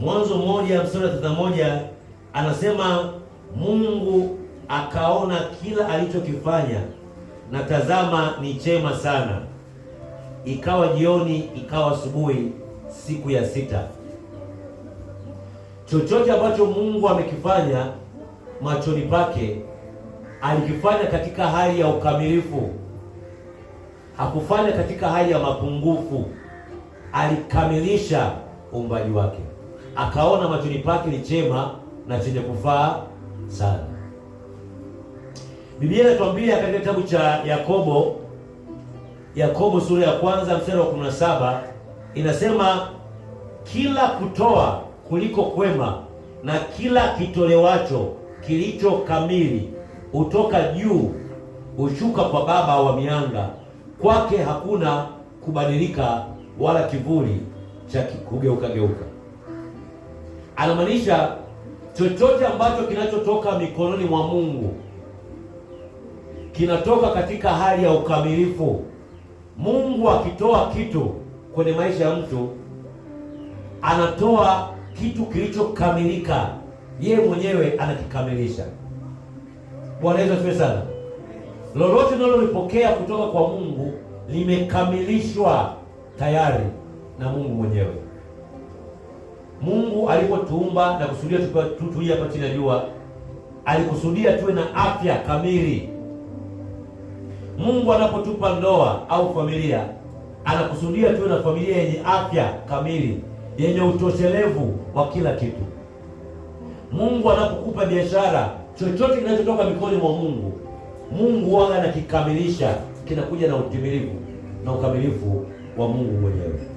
Mwanzo moja mstari thelathini na moja anasema Mungu akaona kila alichokifanya na tazama ni chema sana. Ikawa jioni, ikawa asubuhi, siku ya sita. Chochote ambacho Mungu amekifanya machoni pake alikifanya katika hali ya ukamilifu, hakufanya katika hali ya mapungufu. Alikamilisha uumbaji wake akaona machoni pake ni chema na chenye kufaa sana. Biblia inatuambia katika kitabu cha Yakobo, Yakobo sura ya kwanza mstari wa 17 inasema kila kutoa kuliko kwema na kila kitolewacho kilicho kamili hutoka juu, hushuka kwa Baba wa mianga, kwake hakuna kubadilika wala kivuli cha kugeuka geuka anamaanisha chochote ambacho kinachotoka mikononi mwa Mungu kinatoka katika hali ya ukamilifu. Mungu akitoa kitu kwenye maisha ya mtu anatoa kitu kilichokamilika, yeye mwenyewe anakikamilisha. Bwana Yesu asifiwe sana. Lolote unalolipokea kutoka kwa Mungu limekamilishwa tayari na Mungu mwenyewe. Mungu alipotuumba na kusudia tutulie hapa chini ya jua, alikusudia tuwe na afya kamili. Mungu anapotupa ndoa au familia, anakusudia tuwe na familia yenye afya kamili, yenye utoshelevu wa kila kitu. Mungu anapokupa biashara, chochote kinachotoka mikononi mwa Mungu, Mungu wanga anakikamilisha, kinakuja na utimilivu na ukamilifu wa Mungu mwenyewe.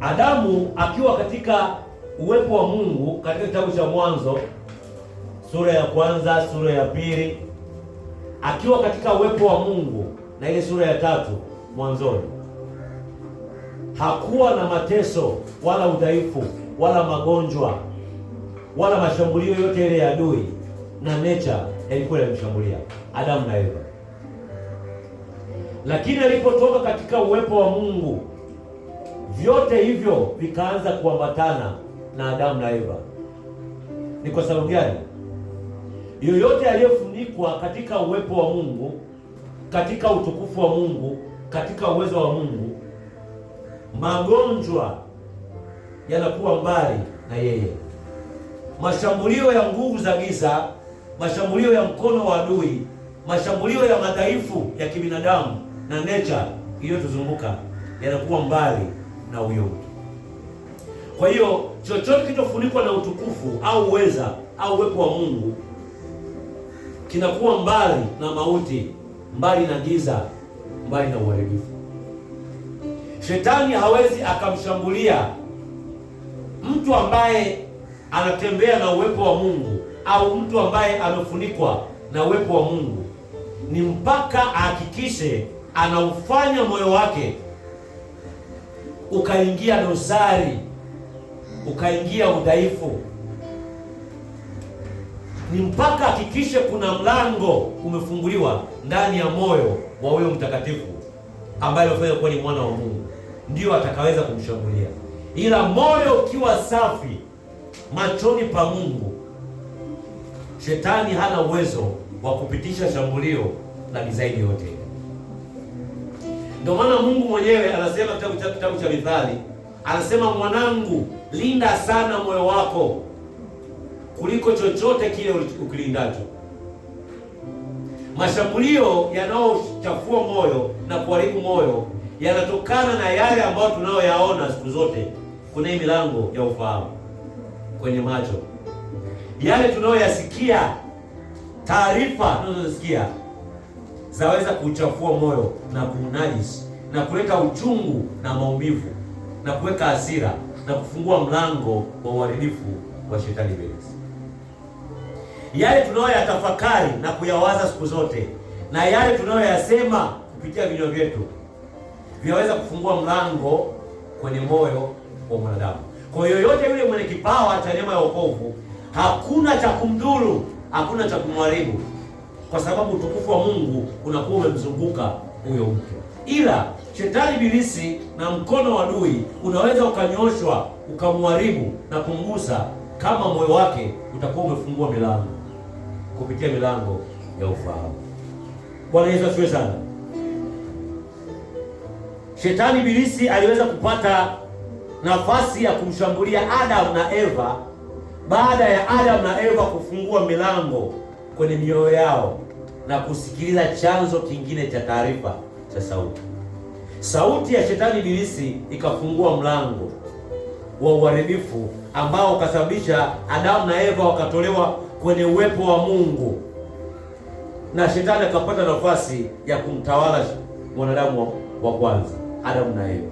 Adamu akiwa katika uwepo wa Mungu katika kitabu cha Mwanzo sura ya kwanza, sura ya pili, akiwa katika uwepo wa Mungu na ile sura ya tatu mwanzoni, hakuwa na mateso wala udhaifu wala magonjwa wala mashambulio yote ile ya adui na nature yalikuwa yanamshambulia Adamu na Eva, lakini alipotoka katika uwepo wa Mungu vyote hivyo vikaanza kuambatana na Adamu na Eva. Ni kwa sababu gani? Yoyote aliyefunikwa katika uwepo wa Mungu, katika utukufu wa Mungu, katika uwezo wa Mungu, magonjwa yanakuwa mbali na yeye. Mashambulio ya nguvu za giza, mashambulio ya mkono wa adui, mashambulio ya madhaifu ya kibinadamu na nature iliyotuzunguka yanakuwa mbali na mtu. Kwa hiyo chochote kilichofunikwa na utukufu au uweza au uwepo wa Mungu kinakuwa mbali na mauti, mbali na giza, mbali na uharibifu. Shetani hawezi akamshambulia mtu ambaye anatembea na uwepo wa Mungu au mtu ambaye amefunikwa na uwepo wa Mungu, ni mpaka ahakikishe anaufanya moyo wake ukaingia dosari, ukaingia udhaifu. Ni mpaka hakikishe kuna mlango umefunguliwa ndani ya moyo wa huyo mtakatifu ambaye amefanya kuwa ni mwana wa Mungu, ndiyo atakaweza kumshambulia. Ila moyo ukiwa safi machoni pa Mungu, shetani hana uwezo wa kupitisha shambulio la mizaidi yote. Ndio maana Mungu mwenyewe anasema cha kitabu cha Mithali, anasema mwanangu, linda sana moyo wako kuliko chochote kile ukilindacho. Mashambulio yanayochafua moyo na kuharibu moyo yanatokana na yale ambayo tunayoyaona siku zote. kwenye milango ya ufahamu kwenye macho, yale tunayoyasikia, taarifa tunazosikia zaweza kuchafua moyo na kuunajisi na kuleta uchungu na maumivu na kuweka hasira na kufungua mlango wa uharibifu wa shetani ibilisi. Yale tunayoyatafakari na kuyawaza siku zote na yale tunayoyasema kupitia vinywa vyetu vinaweza kufungua mlango kwenye moyo wa mwanadamu. Kwa yoyote yule mwenye kipawa cha neema ya wokovu, hakuna cha kumdhuru, hakuna cha kumharibu kwa sababu utukufu wa Mungu unakuwa umemzunguka huyo mtu. Ila shetani bilisi na mkono wa adui unaweza ukanyoshwa ukamharibu na kumgusa kama moyo wake utakuwa umefungua milango kupitia milango ya ufahamu. Bwana Yesu asifiwe sana. Shetani bilisi aliweza kupata nafasi ya kumshambulia Adamu na Eva baada ya Adamu na Eva kufungua milango kwenye mioyo yao na kusikiliza chanzo kingine cha taarifa cha sauti. Sauti ya shetani ibilisi ikafungua mlango wa uharibifu ambao ukasababisha Adamu na Eva wakatolewa kwenye uwepo wa Mungu, na shetani akapata nafasi ya kumtawala mwanadamu wa kwanza, Adamu na Eva.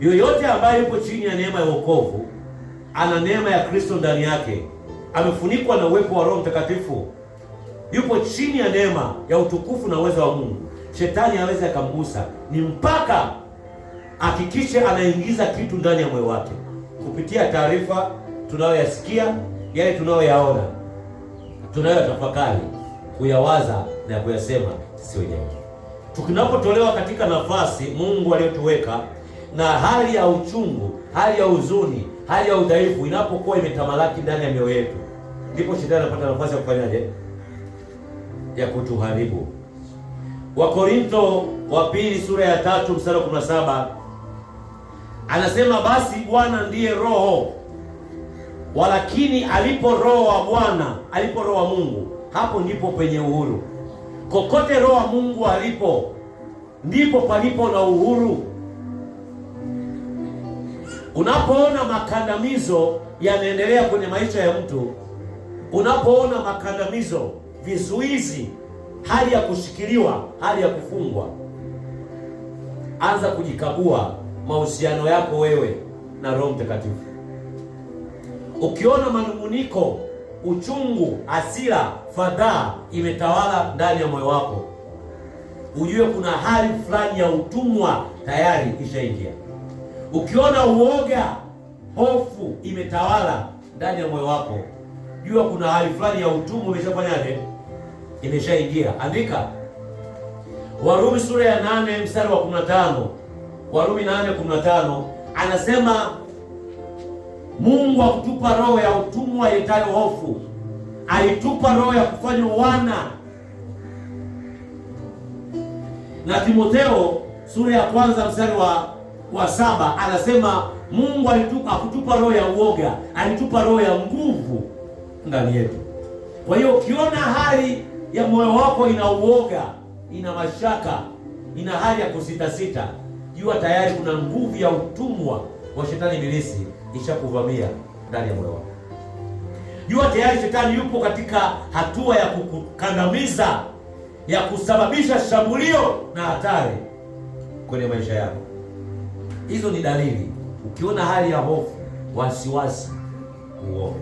Yoyote ambaye yupo chini ya neema ya wokovu ana neema ya Kristo ndani yake amefunikwa na uwepo wa Roho Mtakatifu, yupo chini ya neema ya utukufu na uwezo wa Mungu. Shetani hawezi akamgusa, ni mpaka hakikishe anaingiza kitu ndani ya moyo wake kupitia taarifa tunayoyasikia, yale tunayoyaona, tunayoyatafakari, kuyawaza na kuyasema sisi wenyewe. tukinapotolewa katika nafasi Mungu aliyotuweka na hali ya uchungu, hali ya huzuni, hali ya udhaifu inapokuwa imetamalaki ndani ya mioyo yetu, ndipo shetani anapata nafasi ya kufanyaje? Ya kutuharibu. Wakorinto wa pili sura ya tatu mstari wa 17 anasema basi Bwana ndiye Roho, walakini alipo Roho wa Bwana, alipo Roho wa Mungu, hapo ndipo penye uhuru. Kokote Roho wa Mungu alipo ndipo palipo na uhuru. Unapoona makandamizo yanaendelea kwenye maisha ya mtu Unapoona makandamizo, vizuizi, hali ya kushikiliwa, hali ya kufungwa, anza kujikagua mahusiano yako wewe na Roho Mtakatifu. Ukiona manunguniko, uchungu, hasira, fadhaa imetawala ndani ya moyo wako, ujue kuna hali fulani ya utumwa tayari ishaingia. Ukiona uoga, hofu imetawala ndani ya moyo wako jua kuna hali fulani ya utumwa imeshafanyaje, imeshaingia. Andika Warumi sura ya 8 mstari wa 15. Warumi 8:15 anasema Mungu akutupa roho ya utumwa yetayo hofu, alitupa roho ya kufanya wana. Na Timotheo sura ya kwanza mstari wa, wa saba anasema Mungu alitupa hakutupa roho ya uoga, alitupa roho ya nguvu ndani yetu. Kwa hiyo ukiona hali ya moyo wako ina uoga, ina mashaka, ina hali ya kusitasita, jua tayari kuna nguvu ya utumwa wa shetani ibilisi ishakuvamia ndani ya moyo wako. Jua tayari shetani yupo katika hatua ya kukandamiza, ya kusababisha shambulio na hatari kwenye maisha yako. Hizo ni dalili, ukiona hali ya hofu, wasiwasi, uoga.